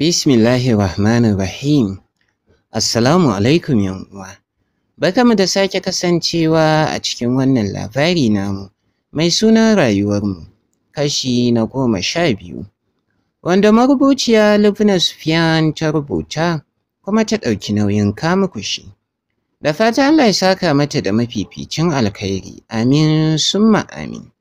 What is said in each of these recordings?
Bismillahir Rahmanir Rahim. Assalamu alaikum uwa. mu da sake kasancewa a cikin wannan labari namu mai suna rayuwarmu kashi na goma sha biyu. Wanda marubuciya Lubna Sufyan ta rubuta kuma ta ɗauki nauyin shi. Da fata Allah ya saka mata da mafificin alkhairi. Amin summa amin.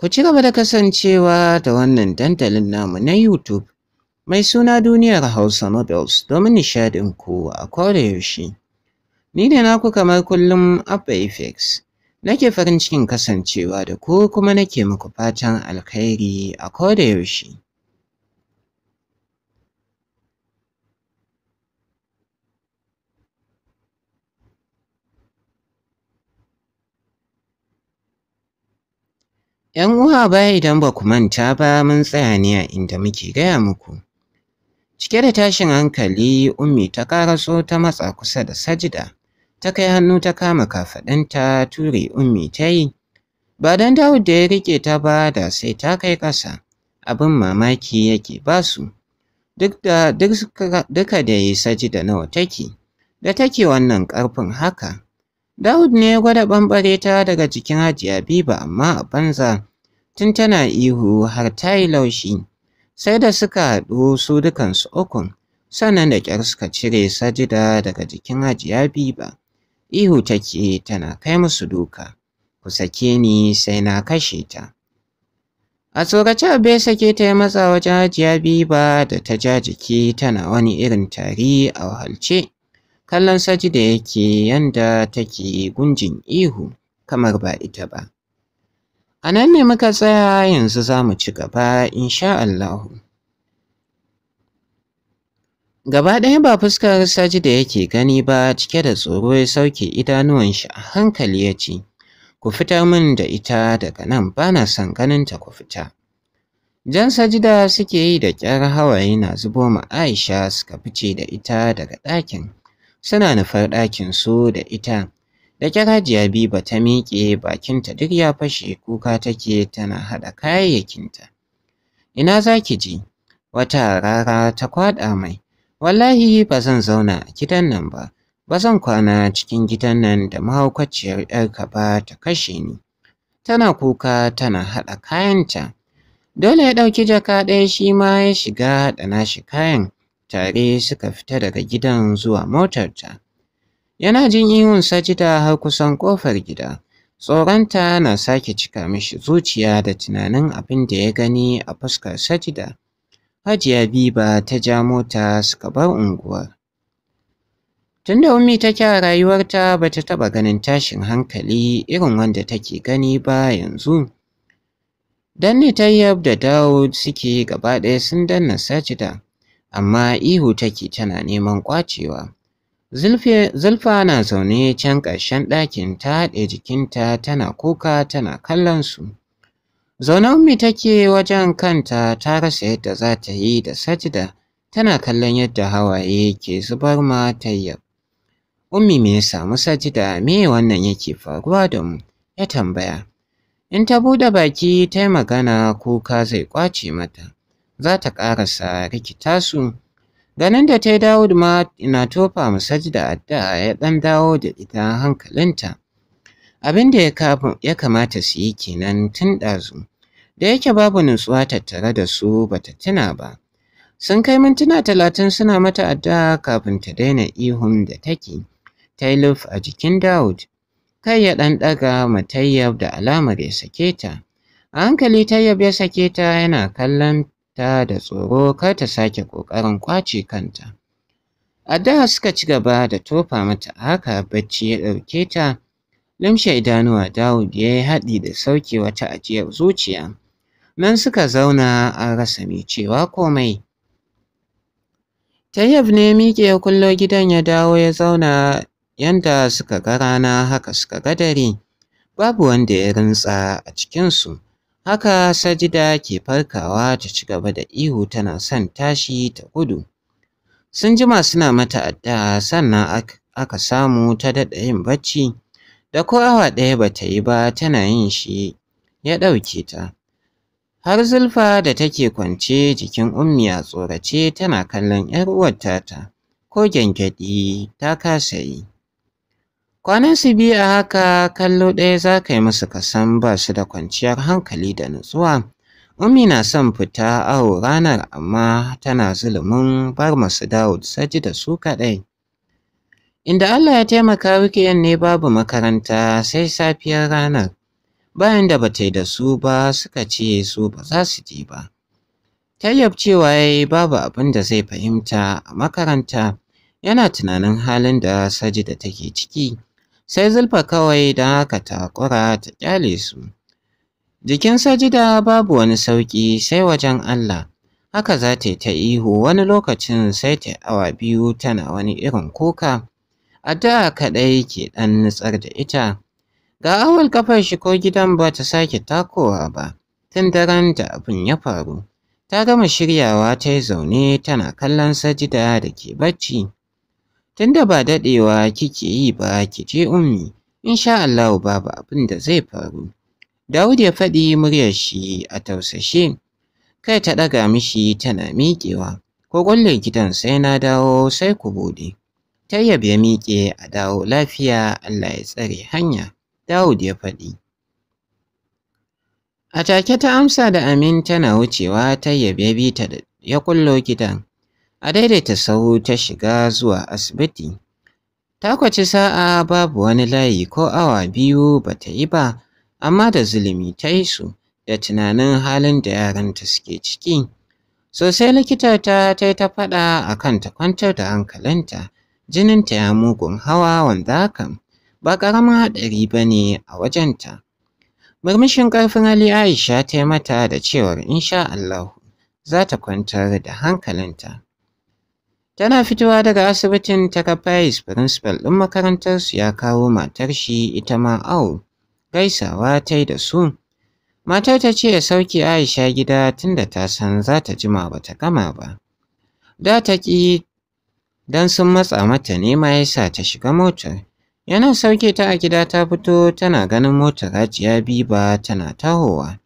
Ku ci gaba da kasancewa da wannan dandalin namu na YouTube mai suna Duniyar Hausa Nobels domin nishadin ku a yaushe. Ni ne naku kamar kullum Abba Effects. Nake farin cikin kasancewa da ku kuma nake muku fatan alkhairi a yaushe. ‘Yan uwa ba idan ba ku manta ba mun tsaya ne a inda muke gaya muku. Cike da tashin hankali Ummi ta karaso ta matsa kusa da sajida, ta kai hannu ta kama kafaɗanta ture Ummi ta yi. Ba don Dawud da ya riƙe ta ba da sai ta kai ƙasa, abin mamaki yake ba su. Duk da duka yi sajida nawa take, da take wannan ƙarfin haka. Dawud ne ya gwada ɓamɓare ta daga jikin Hajiya Biba amma a banza tun tana ihu har ta yi laushi. Sai da suka haɗu su dukansu ukun sannan da ƙyar suka cire sajida daga jikin Hajiya Biba. Ihu take tana kai musu duka, ku sake ni sai na kashe ta. A tsorace abe sake ta yi matsa wajen Hajiya Biba da ta ja jiki tana wani irin tari a wahalce. kallon sajida yake yanda take gunjin ihu kamar ba ita ba a nan ne muka tsaya yanzu za mu ci gaba insha Allahu gaba ɗaya ba fuskar sajida yake gani ba cike da tsoro ya sauke idanuwan shi a hankali ya ce ku fitar min da ita daga nan ba na son ta ku fita Jan sajida suke yi da ƙyar hawaye na zubo ma Aisha suka fice da ita daga ɗakin. suna nufar ɗakin su da ita. Da kyarajiya ba ta miƙe bakinta duk ya fashe kuka take tana haɗa kayayyakinta. Ina za ki ji? Wata rara ta kwaɗa mai. Wallahi ba zan zauna a gidan nan ba, ba zan kwana cikin gidan nan da mahaukaciyar ‘yarka ba ta kashe ni. Tana kuka tana haɗa kayanta. Dole ya ɗauki jaka ɗaya shi ma ya shiga da nashi kayan. tare suka fita daga gidan zuwa motarta. Yana jin ihun sajida har kusan ƙofar gida. Tsoronta na sake cika mishi zuciya da tunanin abin da ya gani a fuskar sajida. Hajiya Biba ta ja mota suka bar unguwar. Tunda Ummi ta a rayuwarta ba ta taɓa ganin tashin hankali irin wanda take gani ba yanzu. Danne Tayyab da Dawud suke gaba ɗaya sun danna sajida. amma ihu take tana neman kwacewa Zulfa na zaune can ƙarshen ɗakin ta haɗe jikinta tana kuka tana kallon su. Zaune ummi take wajen kanta ta rasa yadda za ta yi da sajida tana kallon yadda hawaye ke zubar ma tayyab. Ummi me ya samu sajida me wannan yake faruwa da mu? Ya tambaya. In ta buɗe baki ta yi magana kuka zai ƙwace mata. za ta ƙarasa rikita su. Ganin da ta yi Dawud ma na tofa da addu'a ya ɗan dawo da ita hankalinta. Abin da ya kamata su yi kenan tun ɗazu. Da yake babu nutsuwa tattare da su bata tuna ba. Sun kai mintuna talatin suna mata addu'a kafin ta daina ihun da take. Ta yi a jikin Dawud. Kai ya ɗan ɗaga matayyab da alamar ya sake ta. A hankali tayyab ya sake ta yana kallon ta da tsoro kar ta sake ƙoƙarin kwace kanta. A da suka ci gaba da tofa mata haka bacci ya ɗauke ta limshe idanuwa Dawud ya yi haɗi da sauke wata ajiyar zuciya. Nan suka zauna an rasa mai cewa komai. Tayyab ne miƙe ya kullo gidan ya dawo ya zauna yanda suka ga rana haka suka ga dare. Babu wanda ya rintsa a cikinsu. Haka Sajida ke farkawa ta ci gaba da ihu tana son tashi ta gudu. Sun jima suna mata addu'a sannan aka, samu ta daɗa yin bacci da ko awa ɗaya ba ta yi ba tana yin shi ya ɗauke ta. Har Zulfa da take kwance jikin ummi a tsorace tana kallon ‘yar uwarta ta ko gyangyaɗi ta kasa yi. Kwanan su biyu a haka kallo ɗaya za ka yi musu kasan ba su da kwanciyar hankali da nutsuwa. Ummi na son fita awo ranar amma tana zulumin bar masu dawud saji da su kaɗai. Inda Allah ya taimaka wikiyan ne babu makaranta sai safiyar ranar. Bayan da bata yi da su ba suka ce su ba za su je ba. Tayyab cewa ya yi babu abin da zai fahimta a makaranta yana tunanin halin da saji da take ciki. sai zulfa kawai da haka takura ta ƙyale su. Jikin sajida babu wani sauƙi sai wajen Allah, haka za ta ta ihu wani lokacin sai ta awa biyu tana wani irin kuka, addu'a kaɗai ke ɗan nutsar da ita. Ga awal kafar shi ko gidan ba ta sake takowa ba, tun daren da abin ya faru. Ta gama shiryawa ta yi zaune tana kallon sajida da ke bacci. tunda ba daɗewa kike yi ba ki je ummi insha Allahu babu abin da zai faru. Dawud ya faɗi muryar shi a tausashe kai ta ɗaga mishi tana miƙewa ko ƙulle gidan sai na dawo sai ku buɗe. Tayyab ya miƙe a dawo lafiya Allah ya tsare hanya Dawud ya faɗi. A take ta amsa da Amin tana wucewa Tayyab ya bi ta ya kullo gidan. a daidaita sahu ta shiga zuwa asibiti. Ta kwaci sa'a babu wani layi ko awa biyu ba ta yi ba, amma da zulumi ta yi su da tunanin halin da yaranta suke ciki. Sosai likita ta ta yi ta faɗa a kan ta kwantar da hankalinta, jinin ta ya mugun hawa wanda hakan ba ƙaramin haɗari ba ne a wajenta. Murmushin ƙarfin Ali Aisha ta yi mata da cewar insha Allahu za ta kwantar da hankalinta. Tana fitowa daga asibitin ta ga principal firinsifal ɗin makarantarsu ya kawo matar shi ita ma au Gaisawa ta yi da su. Matar ta ce ya sauke Aisha gida tunda ta san za ta jima ba ta gama ba. Da ta ƙi don sun matsa mata nema ya sa ta shiga motar. Yana sauke ta a gida ta fito tana ganin motar Hajiya ba tana tahowa.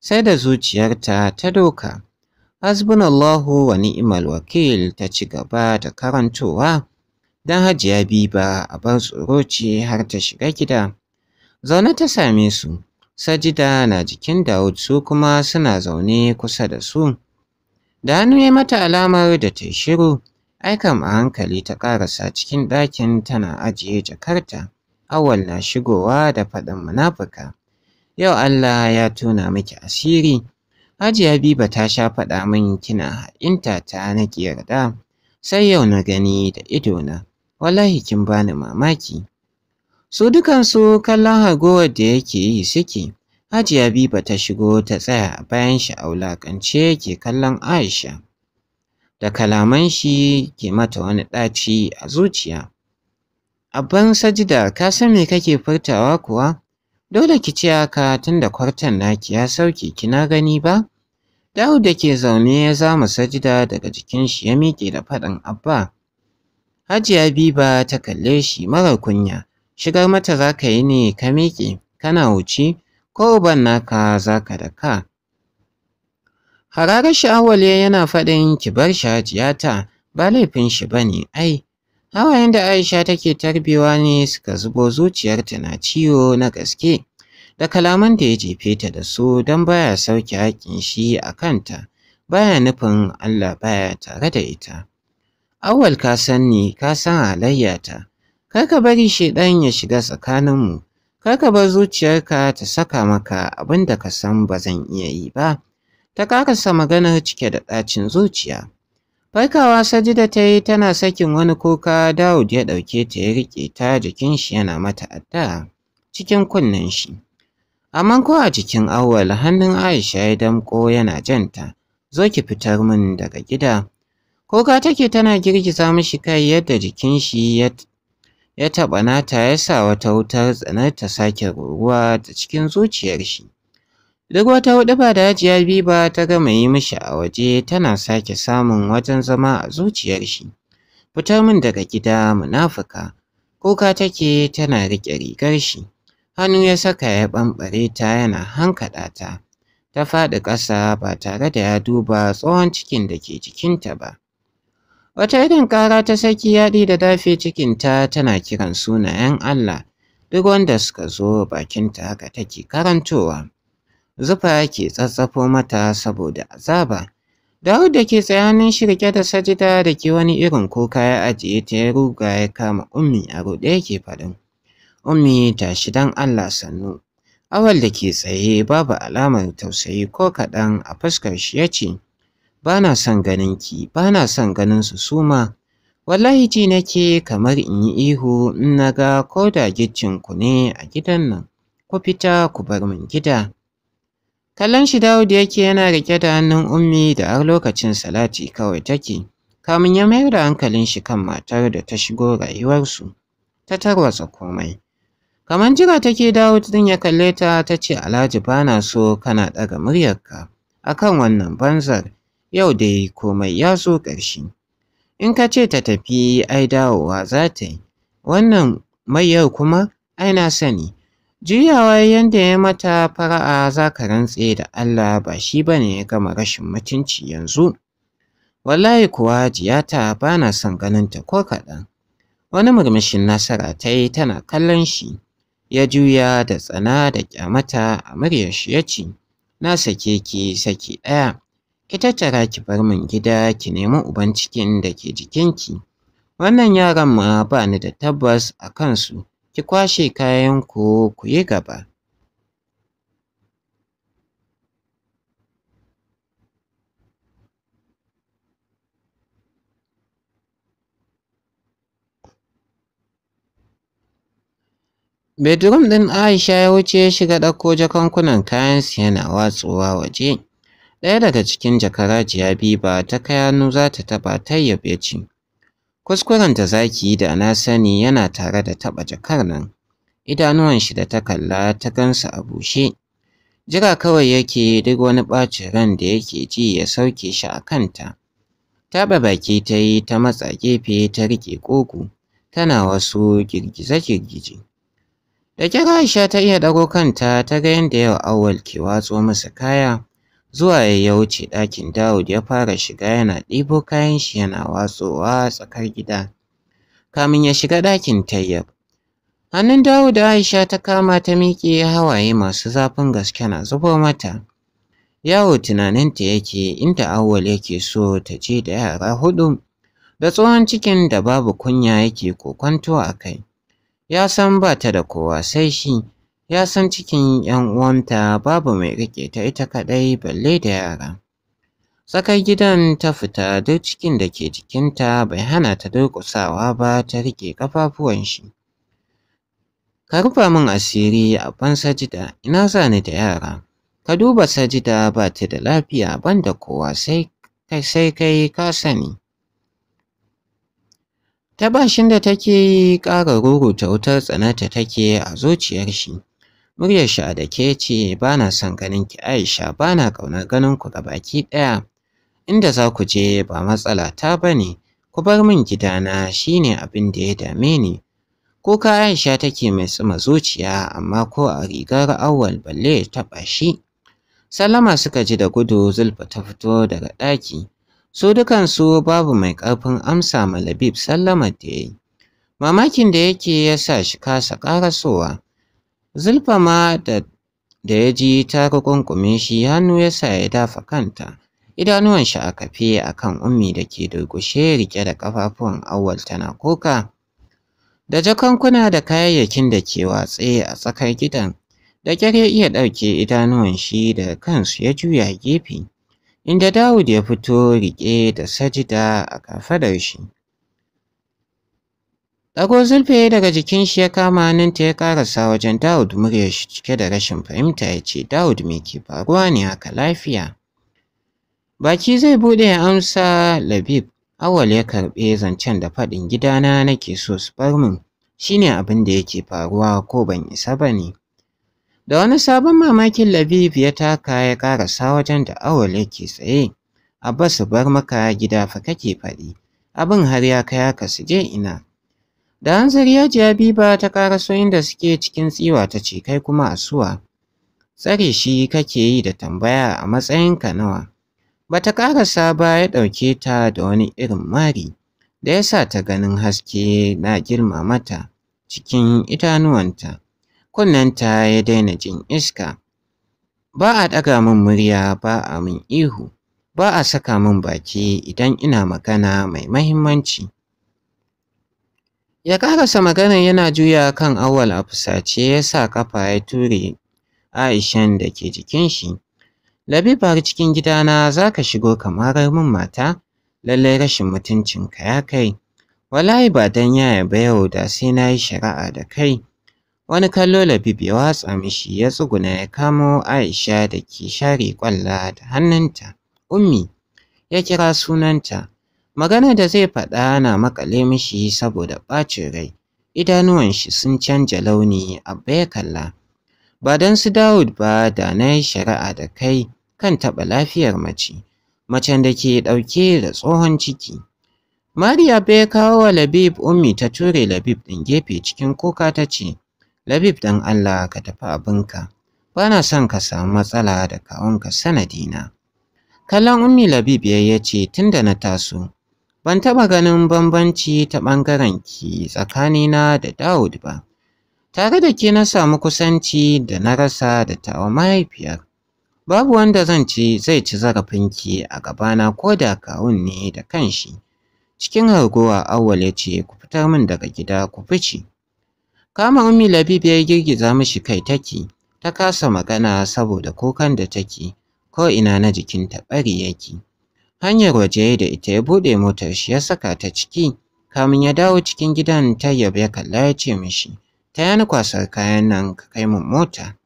Sai da zuciyarta ta doka. hasbunallahu wa ni'mal wakil ta ci gaba da karantowa don hajiya biba a bar tsoro ce har ta shiga gida zaune ta same su sajida na jikin dawud su kuma suna zaune kusa da su da hannu ya mata alamar da ta shiru aikam a hankali ta ƙarasa cikin ɗakin tana ajiye jakarta awal na shigowa da faɗin munafuka yau allah ya tuna miki asiri Hajiya Biba ta sha faɗa min kina ha'inta ta na ƙi yarda. Sai yau na gani da idona. Wallahi kin bani mamaki. Su dukansu kallon hagowar da yake yi suke. Hajiya Biba ta shigo ta tsaya bayan shi a wulaƙance ke kallon Aisha. Da kalaman shi ke mata wani ɗaci a zuciya. Abban sajida ka san me kake furtawa kuwa? Dole ki ce haka tunda kwartan naki ya sauke kina gani ba? Dawud da ke zaune ya zama sajida daga jikin shi ya miƙe da faɗin Abba. Hajiya Biba ta kalle shi mara kunya, shigar mata za ka yi ne ka miƙe, kana wuce, ko ban naka za ka da ka. Hararar sha'awale yana faɗin ki bar shi hajiya ta, ba laifin shi ba ne, ai. Hawayen da Aisha take tarbewa ne suka zubo zuciyarta na ciwo na gaske. da kalaman da ya jefe ta da su don baya sauke haƙƙin shi a kanta baya nufin Allah baya tare da ita. Awwal ka san ni ka san halayyata kar ka bari shi ɗan ya shiga tsakaninmu kar ka bar zuciyarka ta saka maka abin da ka san ba zan iya yi ba. Ta karasa maganar cike da ɗacin zuciya. Farkawa sajida ta yi tana sakin wani kuka Dawud ya ɗauke ta ya riƙe ta jikin shi yana mata addu'a cikin kunnen shi. Amma ko a jikin Auwal hannun Aisha ya damko yana janta, zo ki fitar min daga gida. Ko Koka take tana girgiza mishi kai yadda jikin shi ya ya taɓa nata ya sa wata wutar tsanar ta sake ruwa ta cikin zuciyar shi. Duk wata ba da Hajiya ba ta gama yi mishi a waje tana sake samun wajen zama a zuciyar shi. Fitar min daga gida munafuka, Ko ka take tana riƙe rigar shi. hannu ya saka ya ɓamɓare ta yana hankaɗa ta. Ta faɗi ƙasa ba tare da ya duba tsohon cikin da ke jikinta ba. Wata irin ƙara ta saki yaɗi da dafe cikin ta tana kiran sunayen Allah, duk wanda suka zo bakinta haka take karantowa. Zufa ke tsatsafo mata saboda azaba. Dawud da ke tsayanin shirke da sajida da ke wani irin kuka ya ajiye ta ya ruga ya kama ummi a ruɗe yake faɗin. Ummi tashi dan Allah sannu. Awal da ke tsaye babu alamar tausayi ko kaɗan a fuskar shi ya ce, Ba na son ganin ki, ba na son ganin su suma. Wallahi ji nake kamar in yi ihu in na ga ko da ku ne a gidan nan, ku fita ku bar min gida. Kallon shi Dawud yake yana rike da hannun ummi da har lokacin salati kawai take, Kamun ya mayar da hankalin shi kan matar da ta shigo rayuwarsu, ta tarwatsa komai. Kamar jira take dawo din ya kalle ta ta ce Alhaji bana so kana daga muryarka akan wannan banzar yau dai komai ya zo ƙarshe. In ka ce ta tafi ai dawowa za ta yi, wannan mayar kuma ai na sani. Juyawa yadda ya mata fara'a za ka rantse da Allah ba shi ba ne gama rashin mutunci yanzu. Wallahi kuwa jiyata ba na son ta ko kaɗan. Wani murmushin nasara ta yi tana kallon shi. ya juya da tsana da kyamata a muryar shi ya ce na sake ki saki ɗaya ki tattara ki bar min gida ki nemi uban cikin da ke jikin ki. wannan yaran ma ba ni da tabbas a kansu ki kwashe kayan ku ku yi gaba bedroom ɗin aisha ya wuce ya shiga ɗauko jakankunan kayansu yana watsowa waje ɗaya daga cikin jakarajiya ba ta kayanu za ta taɓa tayyabe ci kuskuren da zaki da na sani yana tare da taɓa jakar nan idanuwan shi da ta kalla ta gansa a bushe jira kawai yake duk wani ɓacin ran da yake ji ya sauke shi a kanta taɓa baki ta yi ta matsa gefe ta riƙe ƙugu tana wasu girgize-girgije Da Aisha ta iya ɗago kanta ta ga yadda yau awal ke watso masa kaya. Zuwa ya ya wuce ɗakin Dawud ya fara shiga yana ɗibo kayan shi yana watsowa tsakar gida. Kamin ya shiga ɗakin Tayyab. Hannun Dawud da Aisha ta kama ta miƙe hawaye masu zafin gaske na zubo mata. Yawo tunaninta yake inda Awwal yake so ta je da yara hudu. da tsohon cikin da babu kunya yake kwanto a kai. ya san ba ta da kowa sai shi ya san cikin 'yan uwanta babu mai rike ta ita kaɗai balle da yara tsakar gidan ta fita duk cikin da ke jikinta bai hana ta durƙusawa ba ta rike ƙafafuwan shi ka rufa min asiri a ban sajida ina ni da yara ka duba sajida ba ta da lafiya ban da kowa sai sai kai ka sani ta bashin da take yi ƙara ruruta wutar tsanarta take a zuciyar shi muryar shi a dake ce ba na son ganin ki aisha ba na ƙaunar ganin ku ga baki ɗaya inda za ku je ba matsala ta ba ne ku bar min gidana shine abin da ya dame ni kuka aisha take mai tsuma zuciya amma ko a rigar awal balle ya taɓa shi Salama suka ji da gudu Zulfa ta fito daga ɗaki. su dukansu babu mai ƙarfin amsa ma Labib sallamar da ya yi. Mamakin da yake ya sa shi kasa ƙarasowa. Zulfa ma da ya ji ta rukunkume shi hannu ya sa ya dafa kanta. Idanuwan shi a kafe a kan ummi da ke durƙushe riƙe da ƙafafuwan awwal tana kuka. Da jakankuna da kayayyakin da ke watse a tsakar gidan, da ƙyar ya iya ɗauke idanuwan shi da kansu ya juya gefe. inda Dawud ya fito riƙe da sajida a kafadar shi. Ɗago zulfe daga jikin shi ya kama hannunta ya ƙarasa wajen Dawud muryar shi cike da rashin fahimta ya ce Dawud me ke faruwa ne haka lafiya. Baki zai buɗe ya amsa Labib, awal ya karɓe zancen da faɗin gidana nake so su bar min, shi ne abin da yake faruwa ko ban isa ba ne. Da wani sabon mamakin Labib ya taka ya ƙarasa wajen da Awul yake tsaye. su bar maka gida fa kake faɗi, abin har ya kai ka su je ina. Da hanzari, zariya ji Habiba ta ƙaraso inda suke cikin tsiwa ta ce kai kuma asuwa. Tsare shi kake yi da tambaya a matsayinka nawa. Bata ƙarasa ba ya ɗauke ta da wani irin mari da ya sa ta ganin haske na girma mata cikin itanuwanta. kunnenta ya daina jin iska. Ba a ɗaga min murya ba a min ihu, ba a saka min baki idan ina magana mai mahimmanci. Ya karasa magana yana juya kan awal a fusace ya sa kafa ya ture Aishan da ke jikin shi. Labibar cikin gidana za ka shigo kamar min mata, lallai rashin mutuncinka ya kai. Wallahi ba don yaya ba yau da sai na yi shari'a da kai. Wani kallo Labib ya watsa mishi ya tsuguna ya kamo Aisha da ke share kwalla da hannunta. Ummi ya kira sunanta. Magana da zai faɗa na maƙale mishi saboda ɓacin rai. Idanuwan shi sun canja launi abba ya kalla. Ba don su Dawud ba da na shari'a da kai kan taɓa lafiyar mace. Macen da ke ɗauke da tsohon ciki. Mariya bai kawo wa Labib Ummi ta ture Labib ɗin gefe cikin kuka ta ce, Labib dan Allah ka tafi abinka. Ba na son ka samu matsala da kawunka sanadina. Kallon Ummi Labib ya ce tun da na taso, ban taɓa ganin bambanci ta ɓangaren ki tsakanina da Dawud ba. Tare da ke na samu kusanci da na rasa da tawa mahaifiyar. Babu wanda zan ci zai ci zarafinki a gabana ko da kawun ne da kanshi. Cikin harguwa Auwal ya ce ku fitar min daga gida ku fice. Kama Ummi Labib ya girgiza mishi kai take, ta kasa magana saboda kokan da take, ko ina na jikinta ɓari yake. Hanyar waje da ita ya bude motar shi ya saka ta ciki, kamin ya dawo cikin gidan Tayyab ya kalla ya ce mishi, ta yana kwasar kayan nan ka kai mun mota.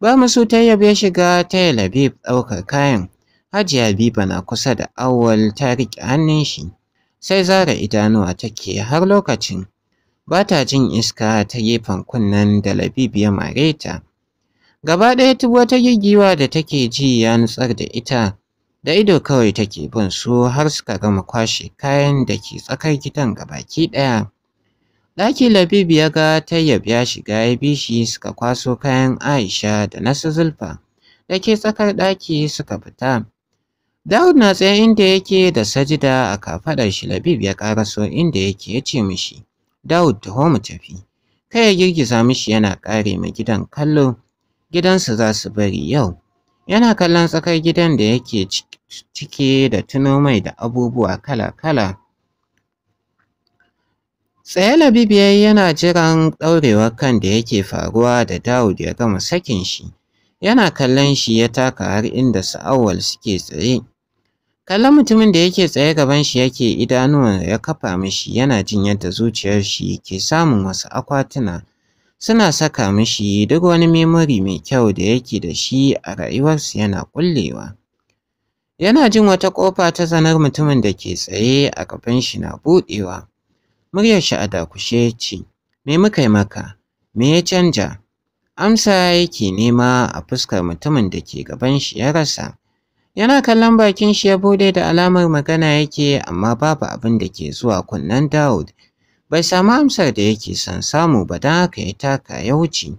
Ba musu Tayyab ya shiga taya Labib ɗaukar kayan, Hajiya habiba na kusa da Awwal tarik riƙe hannun shi, sai zara idanuwa take har lokacin ba ta jin iska ta gefen kunnen da Labib ya mare ta. Gaba ɗaya duk wata gigiwa da take ji ya nutsar da ita, da ido kawai take bin su har suka gama kwashe kayan da ke tsakar gidan gabaki ɗaya. Ɗaki Labib ya ga Tayyab ya shiga ya bi shi suka kwaso kayan Aisha da nasu Zulfa da ke tsakar ɗaki suka fita. Dawud na tsaye inda yake da sajida a kafaɗar shi Labib ya ƙaraso inda yake ya ce mishi. Dawud ta mu tafi. Kai ya girgiza mishi yana ƙare ma gidan kallo. Gidansu za su bari yau. Yana kallon tsakar gidan da yake cike da tuno mai da abubuwa kala-kala. Tsaye Labibiya yana jiran ɗaurewa kan da yake faruwa da Dawud ya gama sakin shi. Yana kallon shi ya taka har inda sa'awal suke tsaye. Kallon mutumin da yake tsaye gaban shi yake idanuwan ya kafa mishi yana jin yadda zuciyar shi ke samun wasu akwatuna suna saka mishi duk wani memory mai kyau da yake da shi a rayuwarsa yana kullewa. Yana jin wata ƙofa ta zanar mutumin da ke tsaye a gaban shi na buɗewa. Muryar shi a dakushe ce, Me muka yi maka? Me ya canja? Amsa yake nema a fuskar mutumin da ke gaban shi ya rasa. Yana kallon bakin shi ya bude da alamar magana yake amma babu abin da ke zuwa kunnen Dawud. Bai samu amsar da yake son samu ba don haka ya taka ya wuce.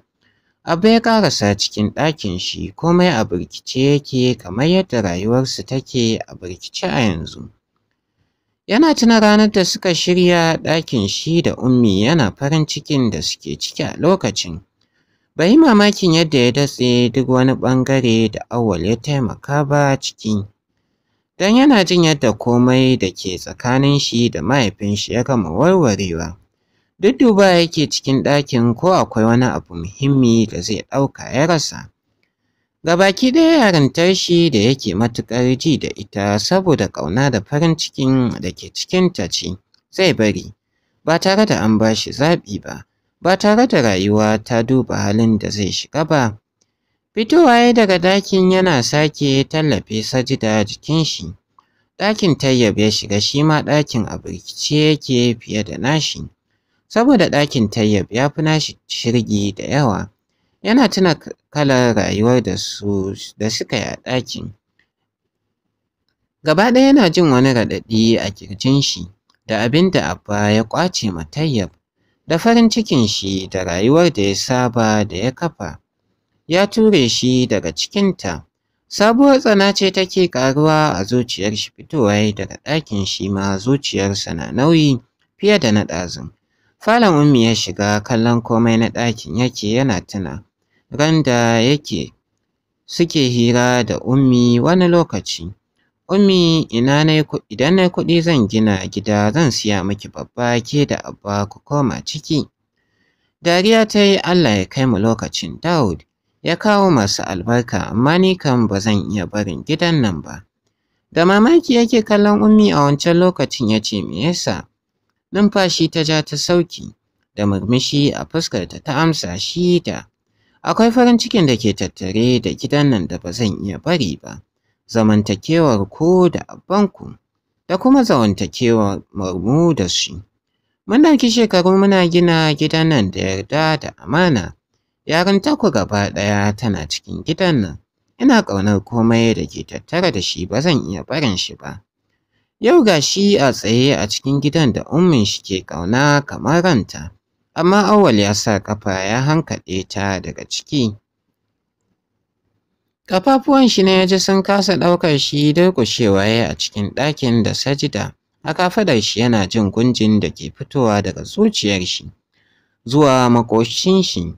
Abu ya karasa cikin ɗakin shi komai a birkice yake kamar yadda rayuwarsu take a birkice a yanzu. Yana tuna ranar da suka shirya ɗakin shi da ummi yana farin cikin da suke ciki a lokacin. Ba yi mamakin yadda ya datse duk wani ɓangare da Auwal ya taimaka ba ciki. Don yana jin yadda komai da ke tsakanin shi da mahaifin shi ya gama warwarewa. Duk duba yake cikin ɗakin ko akwai wani abu muhimmi da zai ɗauka ya rasa. Ga baki ɗaya yarintar shi da yake matuƙar ji da ita saboda ƙauna da farin cikin da ke cikinta ce zai bari ba tare da an ba shi zaɓi ba. ba tare da rayuwa ta duba halin da zai shiga ba. Fitowa ya daga ɗakin yana sake tallafe sajida jikin shi. Ɗakin tayyab ya shiga shi ma ɗakin a birkice yake fiye da nashi. Saboda ɗakin tayyab ya fi nashi shirgi da yawa. Yana tuna kalar rayuwar da su da suka yi a ɗakin. Gaba ɗaya yana jin wani raɗaɗi a kirjin shi da abin da Abba ya kwace ma tayyab. da farin cikin shi da rayuwar da ya saba da ya kafa. Ya ture shi daga cikinta, sabuwar tsana ce take ƙaruwa a zuciyar shi fitowa daga ɗakin shi ma zuciyarsa na nauyi fiye da na ɗazun. Falon ummi ya shiga kallon komai na ɗakin yake yana tuna, randa yake suke hira da ummi wani lokaci. Ummi ina nai idan nai kuɗi zan gina gida zan siya miki babba ke da abba ku koma ciki. Dariya ta yi Allah ya kai mu lokacin Dawud ya kawo masu albarka amma ni kam ba zan iya barin gidan nan ba. Da mamaki yake kallon Ummi a wancan lokacin ya ce me yasa? Numfashi ta ja ta sauki da murmushi a fuskarta ta amsa shi da akwai farin cikin da ke tattare da gidan nan da ba zan iya bari ba. zamantakewar ku da abanku da kuma zamantakewar mu da shi. Mun ɗauki shekaru muna gina gidan nan da yarda da amana. Yarinta ku gaba ɗaya tana cikin gidan nan. Ina ƙaunar komai da ke tattara da shi ba zan iya barin shi ba. Yau ga shi a tsaye a cikin gidan da ummin shi ke ƙauna kamar ranta, amma Auwal ya sa ƙafa ya hankaɗe ta daga ciki. Ƙafafuwan shi ne ya ji sun kasa ɗaukar shi durƙushewa ya a cikin ɗakin da sajida a kafadar shi yana jin gunjin da ke fitowa daga zuciyar shi zuwa makoshin shi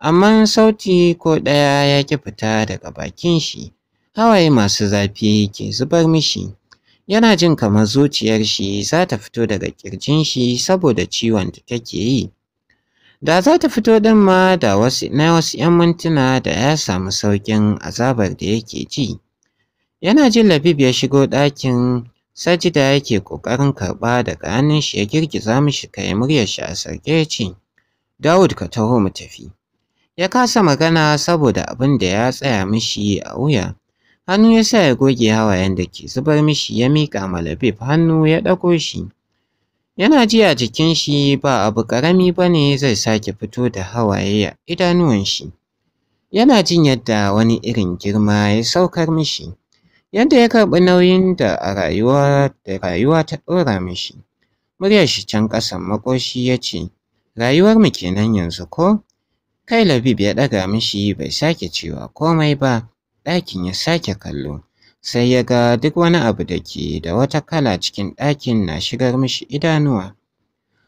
amma sauti ko ɗaya ya ki fita daga bakin shi hawaye masu zafi ke zubar mishi yana jin kamar zuciyar shi za ta fito daga ƙirjin shi saboda ciwon da take yi da za ta fito din ma da wasu na wasu 'yan mintuna da ya samu saukin azabar da yake ji yana jin labib ya shigo ɗakin da yake ƙoƙarin karɓa daga hannun shi ya girgiza mishi kai murya shi a ya ce dawud ka taho mu tafi ya kasa magana saboda abin da ya tsaya mishi a wuya hannu ya sa ya goge hawayen da ke zubar mishi ya miƙa ma labib hannu ya ɗago shi Yana ji a jikin shi ba abu ƙarami ba ne zai sake fito da hawaye a idanuwan shi. Yana jin yadda wani irin girma ya saukar mishi, yadda ya karɓi nauyin da a rayuwa da rayuwa ta ɗora mishi. Muryar shi can ƙasan makoshi ya ce, Rayuwar mu kenan yanzu ko? Kai Labib ya ɗaga mishi bai sake cewa komai ba, ɗakin ya sake kallo. sai ya ga duk wani abu da ke da wata kala cikin ɗakin na shigar mishi idanuwa.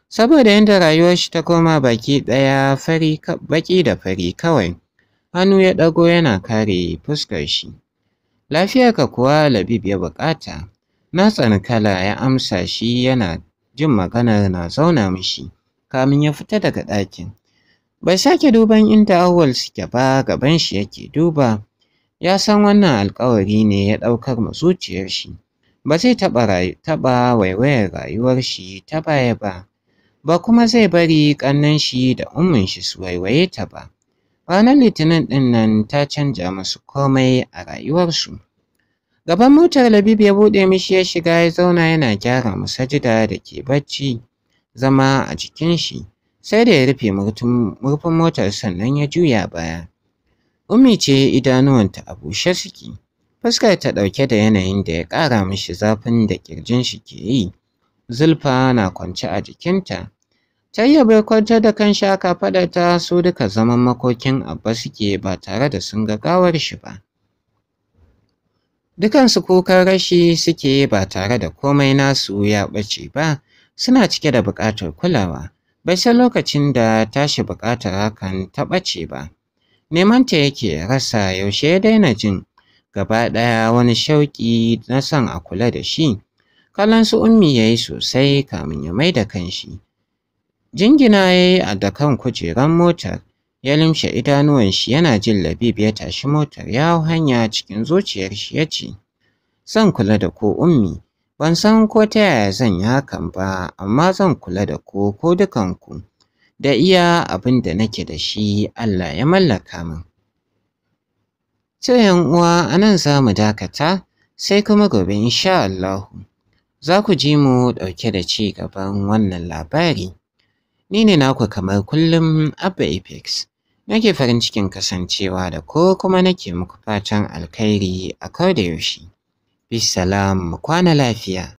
Saboda yadda rayuwar shi ta koma baki ɗaya fari baki da fari kawai, hannu ya ɗago yana kare fuskar shi. ka kuwa Labib ya buƙata, na tsani kala ya amsa shi yana jin maganar na zauna mishi, kamin ya fita daga ɗakin. Bai sake duban inda awwal suke ba gaban shi yake duba. ya san wannan alkawari ne ya ɗaukar ma zuciyar shi ba zai taɓa waiwayar rayuwar shi ta baya ba ba kuma zai bari ƙannan shi da ummin shi su waiwaye ta ba ranar litinin ɗin nan ta canja musu komai a rayuwarsu gaban motar labib ya buɗe mishi ya shiga ya zauna yana gyara musajida da ke bacci zama a jikin shi sai da ya rufe murfin motar sannan ya juya baya Umi ce idanuwanta a bushe suke, fuskar ta ɗauke da yanayin da ya ƙara mishi zafin da ƙirjin shi ke yi. Zulfa na kwance a jikinta. Ta iya bai kwantar da kan shaka faɗa ta su duka zaman makokin Abba suke ba tare da sun ga gawar shi ba. Dukansu kukan rashi suke ba tare da komai nasu ya ɓace ba, suna cike da buƙatar kulawa, bai san lokacin da tashi buƙatar hakan ta ɓace ba. neman ta yake rasa yaushe ya daina jin gaba ɗaya wani shauƙi na son a kula da shi kallon su ummi ya yi sosai kamin ya mai da kan shi jingina ya yi a da kan kujeran motar ya limshe idanuwan shi yana jin labib ya tashi motar ya hau hanya cikin zuciyar shi ya ce zan kula da ko ummi ban san ko ta yaya zan yi hakan ba amma zan kula da ko ko dukanku da iya abin da nake da shi Allah ya mallaka min. To uwa a nan za mu dakata sai kuma gobe insha Allah za ku ji mu ɗauke da ci gaban wannan labari. Ni ne naku kamar kullum Abba Apex. Nake farin cikin kasancewa da ko kuma nake muku fatan alkhairi a koda yaushe. Bisalam kwana lafiya.